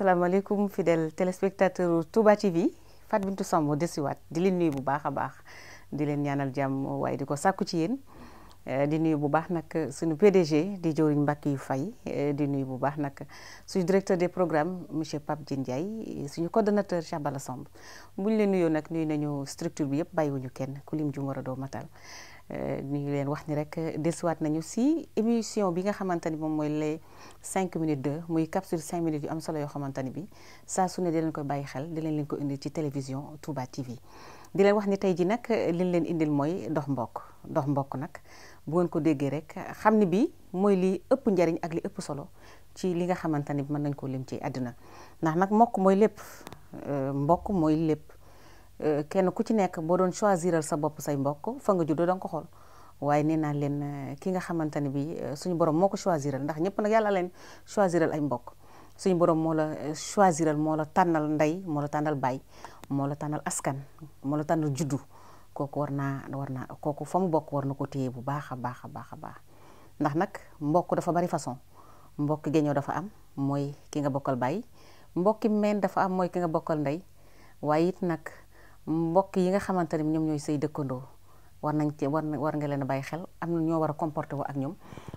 asalaamaaleykum fidèle téléspectateur Touba TV Fat Bintou Samb desiwaat di leen nuyu bu baax a baax di leen ñaanal jàmm waaye di ko sàkku ci yéen eh, di nuyu bu baax nag suñu PDG di jëwriñ Mbackiou fay eh, di nuyu bu baax nag suñu directeur des programmes monsieur pap Dieng Ndiaye suñu coordonnateur Cheikh Bala Samb bu ñu leen nuyoo nag nuyu nañu structure bi yëpp bàyyiwuñu kenn ku lim ju war a doo matal ñu ngi leen wax ni rek desuwaat nañu si émission bi nga xamante ni moom mooy les cinq minutes deux muy capsule cinq minutes yu am solo yoo xamante ni bi saa su ne di leen koy bàyyi xel di leen ko indil ci télévision Touba TV di leen wax ni tey ji nag liñ leen indil mooy dox mbokk dox mbokk nag bu ngeen ko déggee rek xam ni bi mooy li ëpp njariñ ak li ëpp solo ci li nga xamante ni bi mën nañ koo lim ci àddina ndax nag mbokk mooy lépp mbokk mooy lépp Euh, kenn ku ci nekk boo doon choisiral sa bopp say mbokk fa nga juddoo da nga xool waaye nee naa leen euh, ki nga xamante ne bi euh, suñu borom moo ko choisiral ndax ñëpp nag yàlla leen choisiral mbokk suñu borom moo la choisiral moo la tànnal ndey moo la tànnal baay moo la tanal askan moo la tànnal juddu kooku war naa war naa kooku famu bokk war na ko téye bu baax a baax a baax a baax ndax nag mbokk dafa bari façon mbokk géñoo dafa am mooy ki nga bokkal baay mbokki meen dafa am mooy ki nga bokkal ndey waaye it nag mbokk yi nga xamante ne ñoom ñooy say dëkkandoo war nañ ci war war nga leen a bàyyi xel am na ñoo war a comporté wu ak ñoom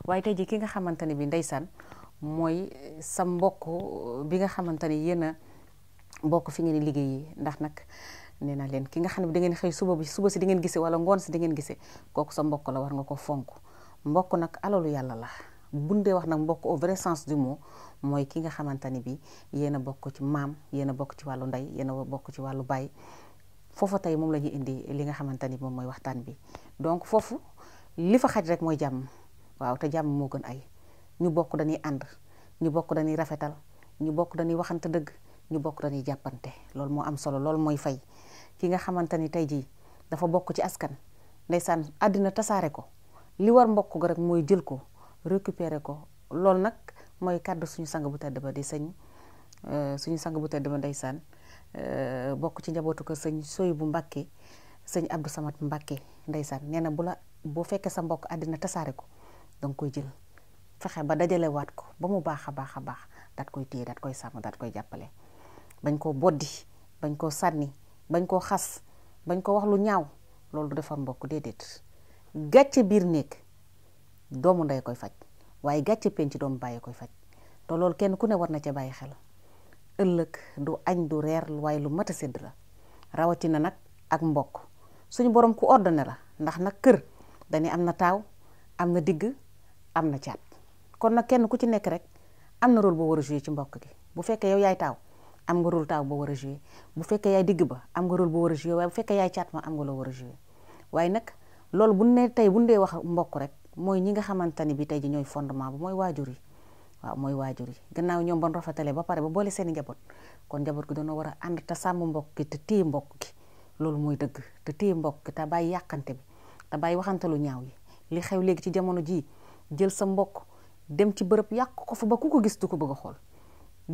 waaye tey jii ki nga xamante ne bi ndeysaan mooy sa mbokk bi nga xamante ne yéen a mbokk fi ngeen liggéey ndax nag nee na leen ki nga xam ne da ngeen xëy suba bi suba si di ngeen gisee wala ngoon si di ngeen gisee kooku sa mbokk la war nga ko fonk mbokk nag alalu yàlla la bundee wax nag mbokk au vrai sens mooy ki nga xamante ni bi yéen a bokk ci maam yéen a bokk ci wàllu ndey yéen a bokk ci wàllu baay foofa tey moom la ñu indi li nga xamante ni moom mooy waxtaan bi donc foofu li fa xaj rek mooy jàmm waaw te jàmm moo gën ay ñu bokk dañuy ànd ñu bokk dañuy rafetal ñu bokk dañuy waxante dëgg ñu bokk dañuy jàppante loolu moo am solo loolu mooy fay ki nga xamante ni tey jii dafa bokk ci askan ndeysaan àddina tasaare ko li war mbokk ga rek mooy jël ko récupérer ko loolu nag mooy kàddu suñu sang bu tedd ba di sëñ euh, suñu sang bu tedd ba ndeysaan Euh, bokk ci njabootu ko sëñ soy bu Mbàkke sëñ Abdou Samad Mbàkke ndeysaan nee na bu la boo fekkee sa mbokk àddina tasaare ko danga koy jël fexe ba dajale waat ko ba mu baax a baax a baax daat koy téye daat koy sàmm daat koy jàppale bañ koo boddi bañ koo sànni bañ koo xas bañ ko wax lu ñaaw loolu du defar mbokk déedéet gàcce biir néeg doomu ndey koy faj waaye gàcce penc doomu bàyyee koy faj te loolu kenn ku ne war na ca bàyyi xel ëllëg du añ du reer waaye lu mat a sédd la rawatina nag ak mbokk suñu borom ku ordonné la ndax nag kër dañuy am na taaw am na digg am na caat kon nag kenn ku ci nekk rek am na rôle boo war a joué ci mbokk gi bu fekkee yow yaay taaw am nga rôle taaw boo war a joué bu fekkee digg ba am nga rôle boo war a joué waaye bu fekkee yaay caat ma am nga loo war a joué waaye nag loolu bu ne tey bu dee wax mbokk rek mooy ñi nga xamante ni bi tey ji ñooy fondement bu mooy waajur yi waaw mooy waajur yi gannaaw ñoom bon rafetale ba pare ba boole seen i njaboot kon njaboot gi doona war a ànd te sàmm mbokk gi te téye mbokk gi loolu mooy dëgg te téye mbokk gi te bàyyi yàkkante bi te bàyyi waxante lu ñaaw yi li xew léegi ci jamono jii jël sa mbokk dem ci bërëb yàq ko fu ba ku ko gis du ko bëgg xool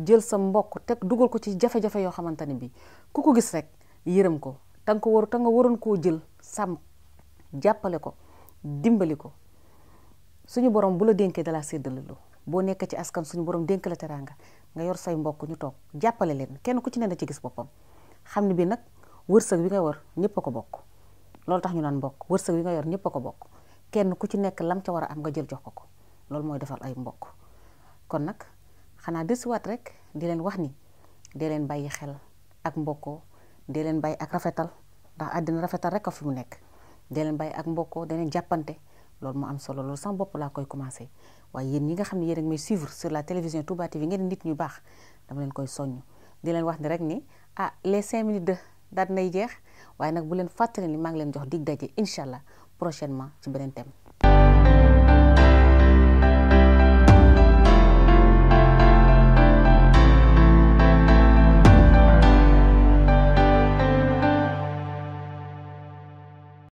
jël sa mbokk teg dugal ko ci jafe-jafe yoo xamante ne bii ku ko gis rek yërëm ko ta ko war ta nga waroon koo jël sàmm jàppale ko dimbali ko suñu borom bu la dénkee dala séddale loo boo nekkee ci askan suñu borom dénk la teraanga nga yor say mbokk ñu toog jàppale leen kenn ku ci ne na ci gis boppam xam ne bi nag wërsëg wi nga war ñëpp ko bokk loolu tax ñu naan mbokk wërsëg wi nga yor ñëpp a ko bokk kenn ku ci nekk lam ca war a am nga jël jox ko ko loolu mooy defal ay mbokk kon nag xanaa desiwaat rek di leen wax ni dee leen bàyyi xel ak mbokkoo dee leen bàyyi ak rafetal ndax àddina rafetal rek a fi mu nekk dee leen bàyyi ak mbokkoo dee leen jàppante loolu moo am solo loolu sama bopp laa koy commencé waaye yéen ñi nga xam ne yéen a ngi may suivre sur la télévision Touba TV ngeen nit ñu baax dama leen koy soññ di leen wax ni rek ni ah les cinq minutes de daat nay jeex waaye nag bu leen fàttali ni maa ngi leen jox dig daje incha allah prochainement ci beneen thème